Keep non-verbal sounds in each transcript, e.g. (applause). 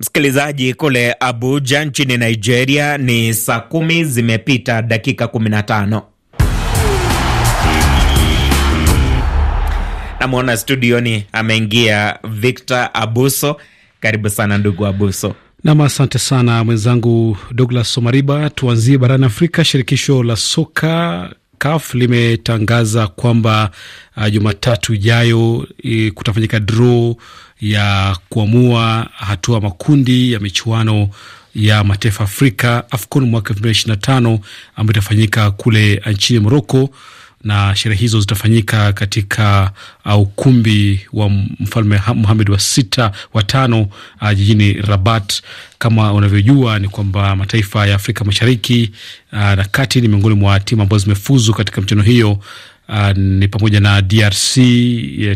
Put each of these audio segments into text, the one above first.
Msikilizaji, kule Abuja nchini Nigeria ni saa kumi zimepita dakika 15. Namwona studioni ameingia Victor Abuso. Karibu sana ndugu Abuso. Nam, asante sana mwenzangu Douglas Somariba. Tuanzie barani Afrika. Shirikisho la soka CAF limetangaza kwamba uh, Jumatatu ijayo kutafanyika draw ya kuamua hatua makundi ya michuano ya mataifa Afrika AFCON mwaka elfu mbili ishirini na tano ambayo itafanyika kule nchini Moroko na sherehe hizo zitafanyika katika uh, ukumbi wa mfalme Muhamed wa sita wa tano uh, jijini Rabat. Kama unavyojua ni kwamba mataifa ya Afrika Mashariki uh, na kati ni miongoni mwa timu ambazo zimefuzu katika mchano hiyo. Uh, ni pamoja na DRC,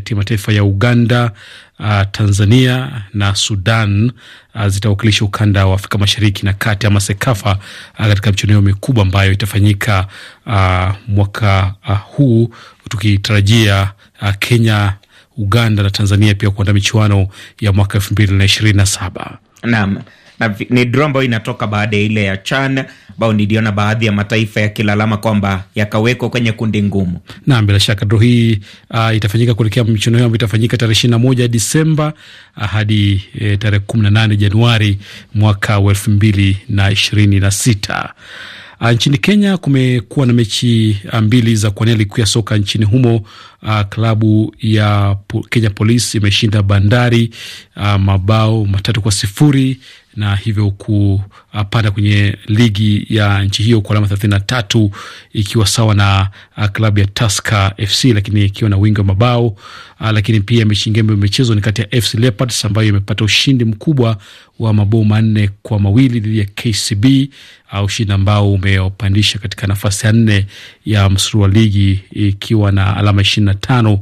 timu ya taifa ya Uganda, uh, Tanzania na Sudan uh, zitawakilisha ukanda wa Afrika Mashariki na Kati ama SEKAFA uh, katika michuano mikubwa ambayo itafanyika uh, mwaka uh, huu tukitarajia uh, Kenya, Uganda na Tanzania pia kuandaa michuano ya mwaka elfu mbili na ishirini na saba. Naam na ni draw ambayo inatoka baada ya ile ya CHAN ambayo niliona baadhi ya mataifa yakilalama kwamba yakawekwa kwenye kundi ngumu. Naam, bila shaka draw hii uh, itafanyika kuelekea michuano hiyo ambayo itafanyika tarehe ishirini na moja Disemba uh, hadi eh, tarehe kumi na nane Januari mwaka wa elfu mbili na ishirini na sita. Uh, nchini Kenya kumekuwa na mechi uh, mbili za kuania ligi kuu ya soka nchini humo. Uh, klabu ya Kenya Police imeshinda Bandari uh, mabao matatu kwa sifuri na hivyo ku Uh, panda kwenye ligi ya nchi hiyo kwa alama thelathini na tatu ikiwa sawa na uh, klabu ya Tusker FC, lakini ikiwa na wingi wa mabao. Uh, lakini pia mechi imechezwa ni kati ya FC Leopards ambayo imepata ushindi mkubwa wa mabao manne kwa mawili dhidi ya KCB, ushindi ambao umepandisha katika nafasi ya nne ya msuru wa ligi ikiwa na alama ishirini na tano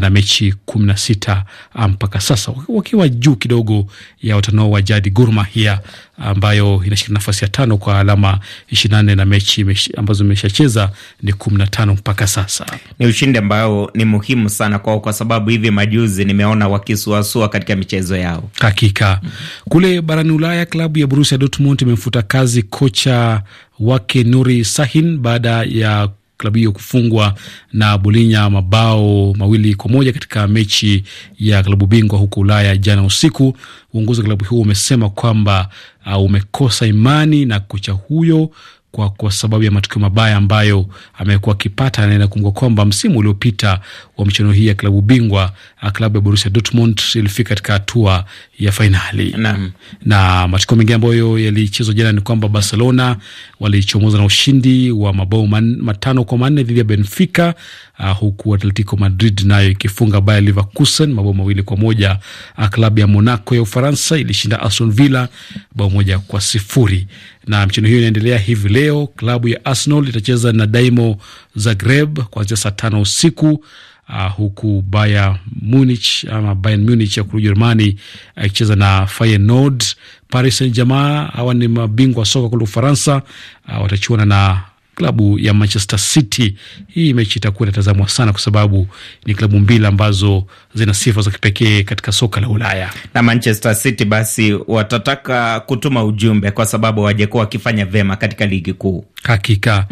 na mechi kumi na sita mpaka sasa, wakiwa juu kidogo ya watanao wa jadi Gor Mahia ambayo inashika nafasi ya tano kwa alama ishirini na nne na mechi ambazo imeshacheza ni kumi na tano mpaka sasa. Ni ushindi ambao ni muhimu sana kwao, kwa sababu hivi majuzi nimeona wakisuasua katika michezo yao. Hakika kule barani Ulaya, klabu ya Borussia Dortmund imemfuta kazi kocha wake Nuri Sahin baada ya klabu hiyo kufungwa na Bolinya mabao mawili kwa moja katika mechi ya klabu bingwa huko Ulaya jana usiku. Uongozi wa klabu hiyo umesema kwamba uh, umekosa imani na kocha huyo kwa, kwa sababu ya matukio mabaya ambayo amekuwa akipata. Naenda kumbuka kwamba msimu uliopita wa michuano hii ya klabu bingwa klabu ya Borussia Dortmund ilifika katika hatua ya fainali na, na matukio mengine ambayo yalichezwa jana ni kwamba Barcelona walichomoza na ushindi wa mabao man, matano kwa manne dhidi ya Benfica uh, huku Atletico Madrid nayo ikifunga Bayer Leverkusen mabao mawili kwa moja. Uh, Klabu ya Monaco ya Ufaransa ilishinda Aston Villa bao moja kwa sifuri na mchezo hiyo inaendelea hivi leo. Klabu ya Arsenal itacheza na Dynamo Zagreb kuanzia saa tano usiku. Uh, huku Bayern Munich ama Bayern Munich ya kule Ujerumani akicheza ah, uh, na Feyenoord. Paris Saint-Germain hawa ni mabingwa soka kule Ufaransa, uh, watachuana na klabu ya Manchester City. Hii mechi itakuwa inatazamwa sana, kwa sababu ni klabu mbili ambazo zina sifa za kipekee katika soka la Ulaya. Na Manchester City basi watataka kutuma ujumbe, kwa sababu wajekuwa wakifanya vyema katika ligi kuu hakika.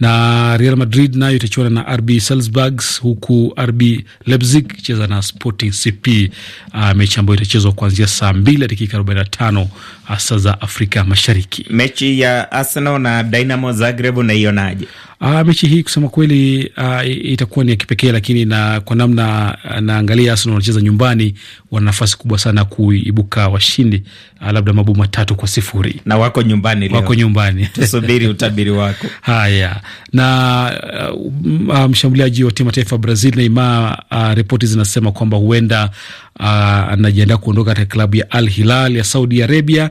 Na Real Madrid nayo itachuana na RB Salzburg, huku RB Leipzig cheza na Sporting CP, uh, ah, mechi ambayo itachezwa kuanzia saa mbili dakika arobaini na tano hasa za Afrika Mashariki. Mechi ya Arsenal na Dinamo Zagreb unaionaje? Uh, mechi hii kusema kweli uh, itakuwa ni ya kipekee, lakini na kwa namna ah, naangalia Arsenal wanacheza nyumbani, wana nafasi kubwa sana kuibuka washindi uh, labda mabao matatu kwa sifuri na wako nyumbani leo. Wako nyumbani (laughs) tusubiri utabiri wako haya na uh, mshambuliaji wa timu taifa Brazil Neymar, uh, ripoti zinasema kwamba huenda anajiandaa uh, kuondoka katika klabu ya Al Hilal ya Saudi Arabia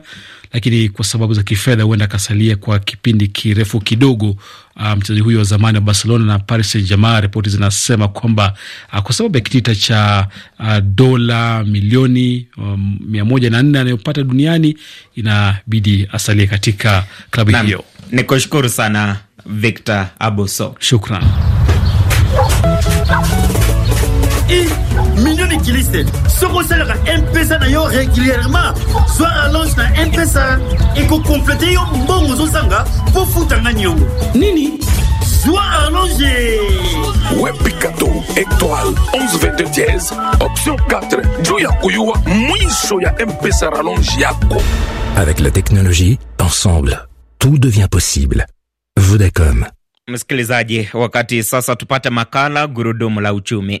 lakini kwa sababu za kifedha huenda akasalia kwa kipindi kirefu kidogo. Uh, mchezaji huyo wa zamani wa Barcelona na Paris Saint-Germain, ripoti zinasema kwamba uh, kwa sababu ya kitita cha uh, dola milioni um, mia moja na nne anayopata duniani inabidi asalie katika klabu hiyo. Ni kushukuru sana Victor Abuso, shukran kilistes. Ce soko osalaka MP ça d'ailleurs régulièrement Soit zwa alonge na mpesa ekokomplete yo mbongo pour foutre un agneau. nini zwa allongé. Webicato étoile 11 22 dièse option 4 Joya kuyua mwiso ya mpesa rallonge yako avec la technologie ensemble tout devient possible vodacom msikilizaji wakati sasa tupate makala gurudumu la uchumi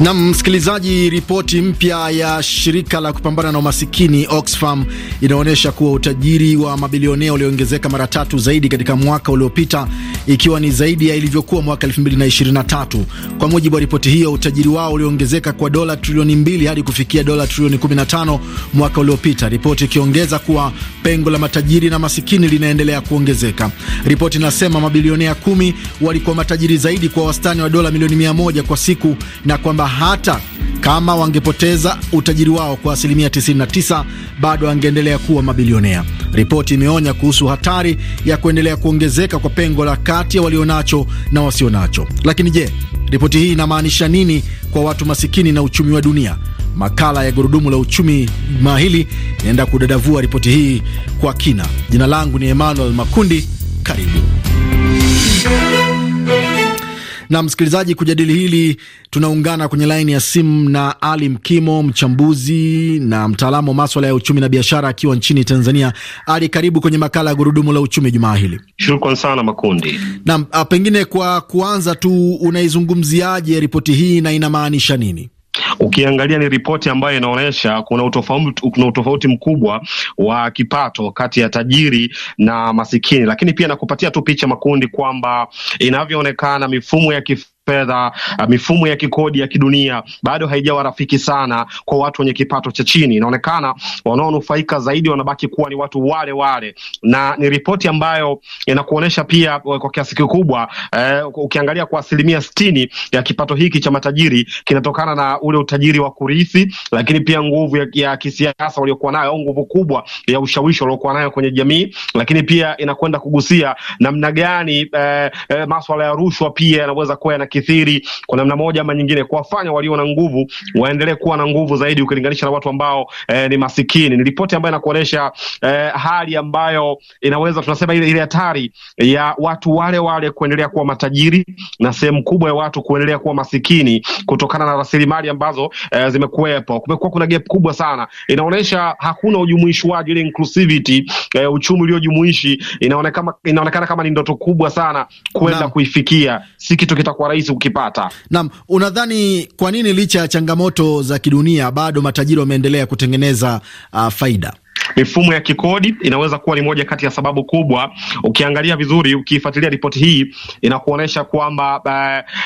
Na msikilizaji, ripoti mpya ya shirika la kupambana na umasikini Oxfam inaonyesha kuwa utajiri wa mabilionea ulioongezeka mara tatu zaidi katika mwaka uliopita, ikiwa ni zaidi ya ilivyokuwa mwaka 2023. Kwa mujibu wa ripoti hiyo, utajiri wao ulioongezeka kwa dola trilioni 2 hadi kufikia dola trilioni 15 mwaka uliopita, ripoti ikiongeza kuwa pengo la matajiri na masikini linaendelea kuongezeka. Ripoti inasema mabilionea kumi walikuwa matajiri zaidi kwa wastani wa dola milioni mia moja kwa siku, na kwamba hata kama wangepoteza utajiri wao kwa asilimia 99 bado wangeendelea kuwa mabilionea. Ripoti imeonya kuhusu hatari ya kuendelea kuongezeka kwa pengo la kati ya walionacho na wasionacho. Lakini je, ripoti hii inamaanisha nini kwa watu masikini na uchumi wa dunia? Makala ya gurudumu la uchumi jumaa hili inaenda kudadavua ripoti hii kwa kina. Jina langu ni Emmanuel Makundi, karibu na msikilizaji. Kujadili hili tunaungana kwenye laini ya simu na Ali Mkimo, mchambuzi na mtaalamu wa maswala ya uchumi na biashara, akiwa nchini Tanzania. Ali, karibu kwenye makala ya gurudumu la uchumi jumaa hili. Shukran sana Makundi. Naam, ah, pengine kwa kuanza tu, unaizungumziaje ripoti hii na inamaanisha nini? Ukiangalia ni ripoti ambayo inaonyesha kuna utofauti, kuna utofauti mkubwa wa kipato kati ya tajiri na masikini, lakini pia nakupatia tu picha makundi kwamba inavyoonekana mifumo ya kif fedha, uh, mifumo ya kikodi ya kidunia bado haijawa rafiki sana kwa watu wenye kipato cha chini. Inaonekana wanaonufaika zaidi wanabaki kuwa ni watu wale wale, na ni ripoti ambayo inakuonyesha pia uh, kwa kiasi kikubwa eh, ukiangalia kwa asilimia sitini ya kipato hiki cha matajiri kinatokana na ule utajiri wa kurithi, lakini pia nguvu ya, ya kisiasa waliokuwa nayo au nguvu kubwa ya ushawishi waliokuwa nayo kwenye jamii, lakini pia inakwenda kugusia namna gani eh, eh, maswala ya rushwa pia yanaweza kuwa yana kithiri kwa namna moja ama nyingine, kuwafanya walio na nguvu waendelee kuwa na nguvu zaidi ukilinganisha na watu ambao eh, ni masikini. Ni ripoti ambayo inakuonyesha eh, hali ambayo inaweza tunasema ile ile hatari ya watu wale wale kuendelea kuwa matajiri na sehemu kubwa ya watu kuendelea kuwa masikini kutokana na rasilimali ambazo eh, zimekuwepo. Kumekuwa kuna gap kubwa sana, inaonyesha hakuna ujumuishwaji, ile inclusivity eh, uchumi uliojumuishi inaonekana, inaonekana kama ni ndoto kubwa sana kwenda kuifikia, si kitu kitakuwa rahisi rahisi kukipata. Naam, unadhani kwa nini licha ya changamoto za kidunia bado matajiri wameendelea kutengeneza uh, faida? Mifumo ya kikodi inaweza kuwa ni moja kati ya sababu kubwa. Ukiangalia vizuri, ukifuatilia ripoti hii inakuonyesha kwamba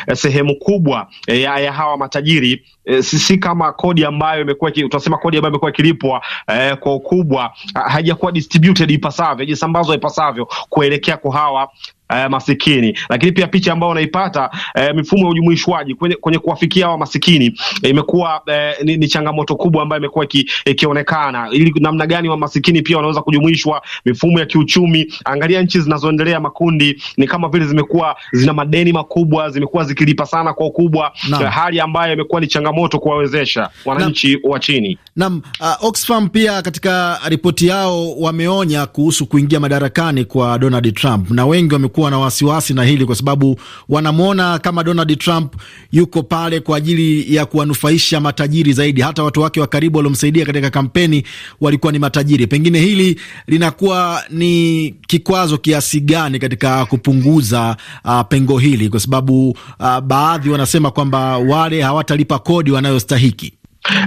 uh, sehemu kubwa eh, ya, ya hawa matajiri e, si kama kodi ambayo imekuwa utasema kodi ambayo imekuwa ikilipwa eh, kwa ukubwa haijakuwa distributed ipasavyo, haijasambazwa ipasavyo kuelekea kwa hawa Uh, masikini lakini pia picha ambayo unaipata uh, mifumo ya ujumuishwaji kwenye, kwenye kuwafikia hawa masikini imekuwa uh, ni, ni changamoto kubwa ambayo imekuwa ikionekana, ili namna gani wa masikini pia wanaweza kujumuishwa mifumo ya kiuchumi. Angalia nchi zinazoendelea, makundi ni kama vile zimekuwa zina madeni makubwa, zimekuwa zikilipa sana kwa ukubwa, hali ambayo imekuwa ni changamoto changamoto kuwawezesha wananchi wa chini. Naam, uh, Oxfam pia katika ripoti yao wameonya kuhusu kuingia madarakani kwa Donald Trump, na wengi wamekuwa na wasiwasi na hili kwa sababu wanamwona kama Donald Trump yuko pale kwa ajili ya kuwanufaisha matajiri zaidi. Hata watu wake wa karibu waliomsaidia katika kampeni walikuwa ni matajiri. Pengine hili linakuwa ni kikwazo kiasi gani katika kupunguza uh, pengo hili, kwa sababu uh, baadhi wanasema kwamba wale hawatalipa kodi zawadi wanayostahiki.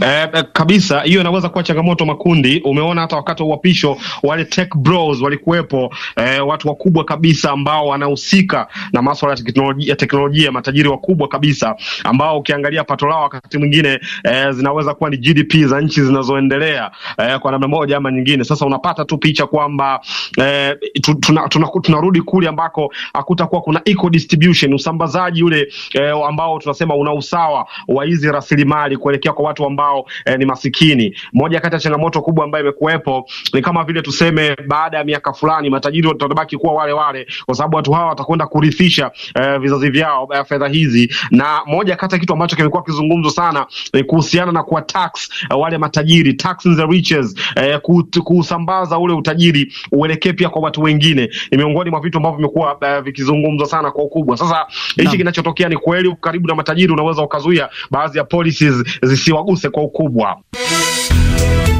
Eh, eh, kabisa hiyo inaweza kuwa changamoto makundi. Umeona hata wakati wa uapisho wale tech bros walikuwepo, eh, watu wakubwa kabisa ambao wanahusika na masuala ya teknolojia, teknolojia matajiri wakubwa kabisa ambao ukiangalia pato lao wakati mwingine eh, zinaweza kuwa ni GDP za nchi zinazoendelea eh, kwa namna moja ama nyingine. Sasa unapata tu picha kwamba eh, tunarudi tuna, tuna kule ambako hakutakuwa kuna eco distribution, usambazaji ule eh, ambao tunasema una usawa wa hizi rasilimali kuelekea kwa watu watu ambao eh, ni masikini. Moja kati ya changamoto kubwa ambayo imekuwepo ni kama vile tuseme, baada ya miaka fulani matajiri watabaki kuwa wale wale, kwa sababu watu hawa watakwenda kurithisha eh, vizazi vyao eh, fedha hizi. Na moja kati ya kitu ambacho kimekuwa kizungumzo sana ni kuhusiana na kuwa tax eh, wale matajiri tax in the riches, eh, kusambaza ule utajiri uelekee pia kwa watu wengine, ni miongoni mwa vitu ambavyo vimekuwa eh, vikizungumzwa sana kwa ukubwa. Sasa hichi kinachotokea ni kweli, karibu na matajiri unaweza ukazuia baadhi ya policies zisiwa tusiguse kwa ukubwa.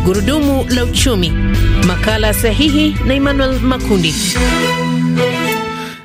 Gurudumu la uchumi, makala sahihi na Emmanuel Makundi.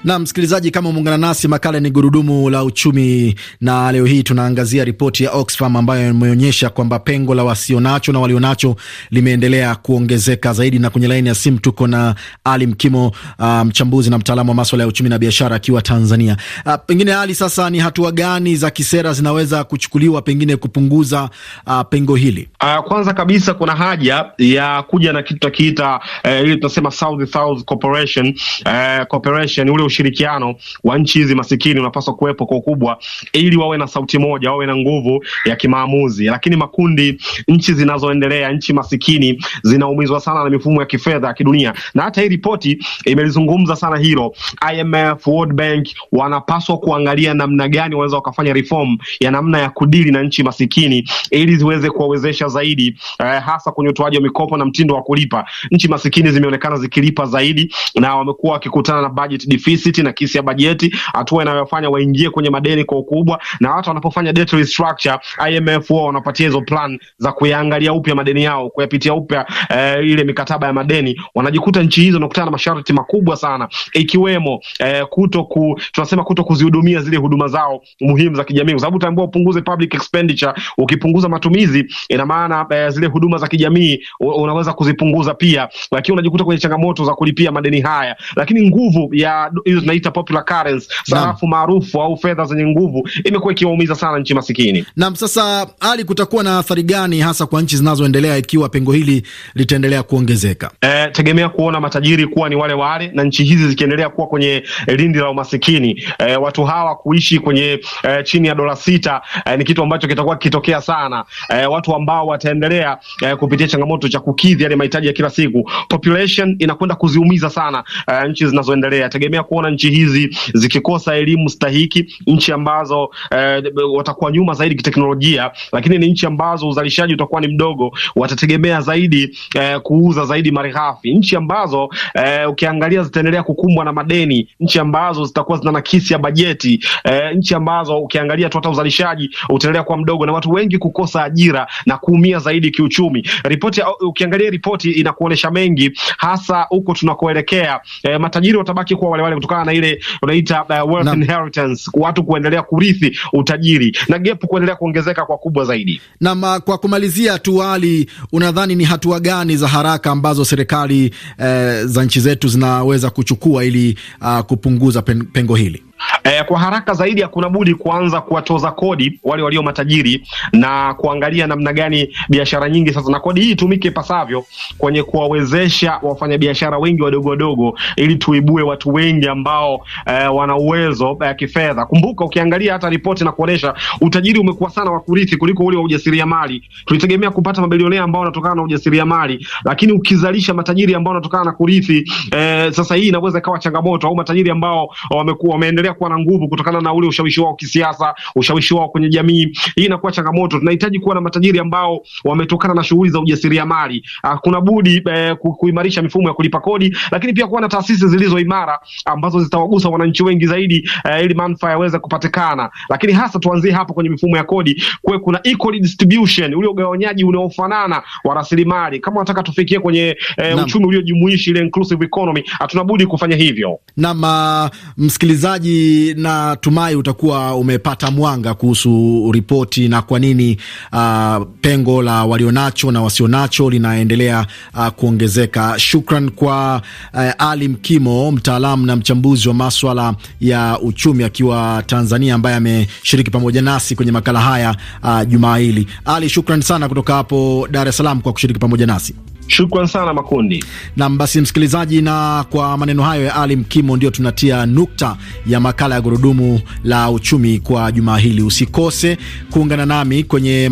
Na msikilizaji, kama umeungana nasi, makala ni gurudumu la uchumi, na leo hii tunaangazia ripoti ya Oxfam ambayo imeonyesha kwamba pengo la wasionacho na walionacho limeendelea kuongezeka zaidi. Na kwenye laini ya simu tuko na Ali Mkimo, uh, mchambuzi um, na mtaalamu wa maswala ya uchumi na biashara akiwa Tanzania. Uh, pengine Ali, sasa ni hatua gani za kisera zinaweza kuchukuliwa pengine kupunguza uh, pengo hili? Uh, kwanza kabisa kuna haja ya kuja na kitu takiita uh, eh, ili tunasema South South Corporation, uh, Corporation ule ushirikiano wa nchi hizi masikini unapaswa kuwepo kwa ukubwa, ili wawe na sauti moja, wawe na nguvu ya kimaamuzi. Lakini makundi, nchi zinazoendelea, nchi masikini zinaumizwa sana na mifumo ya kifedha ya kidunia, na hata hii ripoti imelizungumza sana hilo. IMF, World Bank wanapaswa kuangalia namna gani waweza wakafanya reform ya namna ya kudili na nchi masikini ili ziweze kuwawezesha zaidi, eh, hasa kwenye utoaji wa mikopo na mtindo wa kulipa. Nchi masikini zimeonekana zikilipa zaidi na wamekuwa wakikutana na budget deficit City ya bajeti, hatua inayofanya waingie kwenye madeni kwa ukubwa, na hata wanapofanya debt restructure, IMF wao wanapatia hizo plan za kuyaangalia upya madeni yao, kuyapitia upya eh, ile mikataba ya madeni, wanajikuta nchi hizo nakutana na masharti makubwa sana, ikiwemo eh, kuto ku, tunasema kuto kuzihudumia zile huduma zao muhimu za kijamii, kwa sababu utaambiwa upunguze public expenditure. Ukipunguza matumizi, ina maana eh, zile huduma za kijamii unaweza kuzipunguza pia, lakini unajikuta kwenye changamoto za kulipia madeni haya, lakini nguvu ya hizo tunaita popular currency, sarafu maarufu au fedha zenye nguvu, imekuwa ikiwaumiza sana nchi masikini. Naam, sasa hali kutakuwa na athari gani hasa kwa nchi zinazoendelea ikiwa pengo hili litaendelea kuongezeka? E, tegemea kuona matajiri kuwa ni wale wale na nchi hizi zikiendelea kuwa kwenye lindi la umasikini. E, watu hawa kuishi kwenye e, chini ya dola sita e, ni kitu ambacho kitakuwa kitokea sana. E, watu ambao wataendelea e, kupitia changamoto cha kukidhi yale mahitaji ya kila siku, population inakwenda kuziumiza sana e, nchi zinazoendelea. Tegemea kuona kuona nchi hizi zikikosa elimu stahiki, nchi ambazo eh, watakuwa nyuma zaidi kiteknolojia, lakini ni nchi ambazo uzalishaji utakuwa ni mdogo, watategemea zaidi eh, kuuza zaidi malighafi, nchi ambazo eh, ukiangalia zitaendelea kukumbwa na madeni, nchi ambazo zitakuwa zina nakisi ya bajeti eh, nchi ambazo ukiangalia tu hata uzalishaji utaendelea kuwa mdogo na watu wengi kukosa ajira na kuumia zaidi kiuchumi. Ripoti ukiangalia ripoti inakuonesha mengi, hasa huko tunakoelekea. Eh, matajiri watabaki kuwa wale wale kutokana na ile unaita uh, wealth inheritance, watu kuendelea kurithi utajiri na gap kuendelea kuongezeka kwa kubwa zaidi. Na uh, kwa kumalizia tu, hali unadhani ni hatua gani za haraka ambazo serikali eh, za nchi zetu zinaweza kuchukua ili uh, kupunguza pen, pengo hili? E, kwa haraka zaidi hakuna budi kuanza kuwatoza kodi wale walio matajiri na kuangalia namna gani biashara nyingi sasa na kodi hii itumike pasavyo kwenye kuwawezesha wafanyabiashara wengi wadogo wadogo, ili tuibue watu wengi ambao e, wana uwezo e, kifedha. Kumbuka ukiangalia hata ripoti na kuonesha utajiri umekuwa sana wa kurithi kuliko ule wa ujasiriamali. Tulitegemea kupata mabilionea ambao wanatokana na ujasiriamali, lakini ukizalisha matajiri ambao wanatokana na kurithi e, sasa hii inaweza ikawa changamoto au matajiri ambao wamekuwa wameendelea wanaendelea kuwa na nguvu kutokana na ule ushawishi wao kisiasa, ushawishi wao kwenye jamii. Hii inakuwa changamoto. Tunahitaji kuwa na matajiri ambao wametokana na shughuli za ujasiriamali. Ah, kuna budi eh, kuimarisha mifumo ya kulipa kodi, lakini pia kuwa na taasisi zilizo imara ambazo zitawagusa wananchi wengi zaidi, eh, ili manufaa yaweze kupatikana. Lakini hasa tuanzie hapo kwenye mifumo ya kodi, kuwe kuna equal distribution, ule ugawanyaji unaofanana wa rasilimali. Kama unataka tufikie kwenye eh, uchumi uliojumuishi, ile inclusive economy, hatuna budi kufanya hivyo. Na ah, msikilizaji natumai utakuwa umepata mwanga kuhusu ripoti na kwa nini uh, pengo la walionacho na wasionacho linaendelea uh, kuongezeka. Shukran kwa uh, Ali Mkimo, mtaalamu na mchambuzi wa maswala ya uchumi akiwa Tanzania, ambaye ameshiriki pamoja nasi kwenye makala haya uh, jumaa hili. Ali, shukran sana kutoka hapo Dar es Salaam kwa kushiriki pamoja nasi. Shukran sana Makundi. Nam basi, msikilizaji, na kwa maneno hayo ya Ali Mkimo ndio tunatia nukta ya makala ya gurudumu la uchumi kwa jumaa hili. Usikose kuungana nami kwenye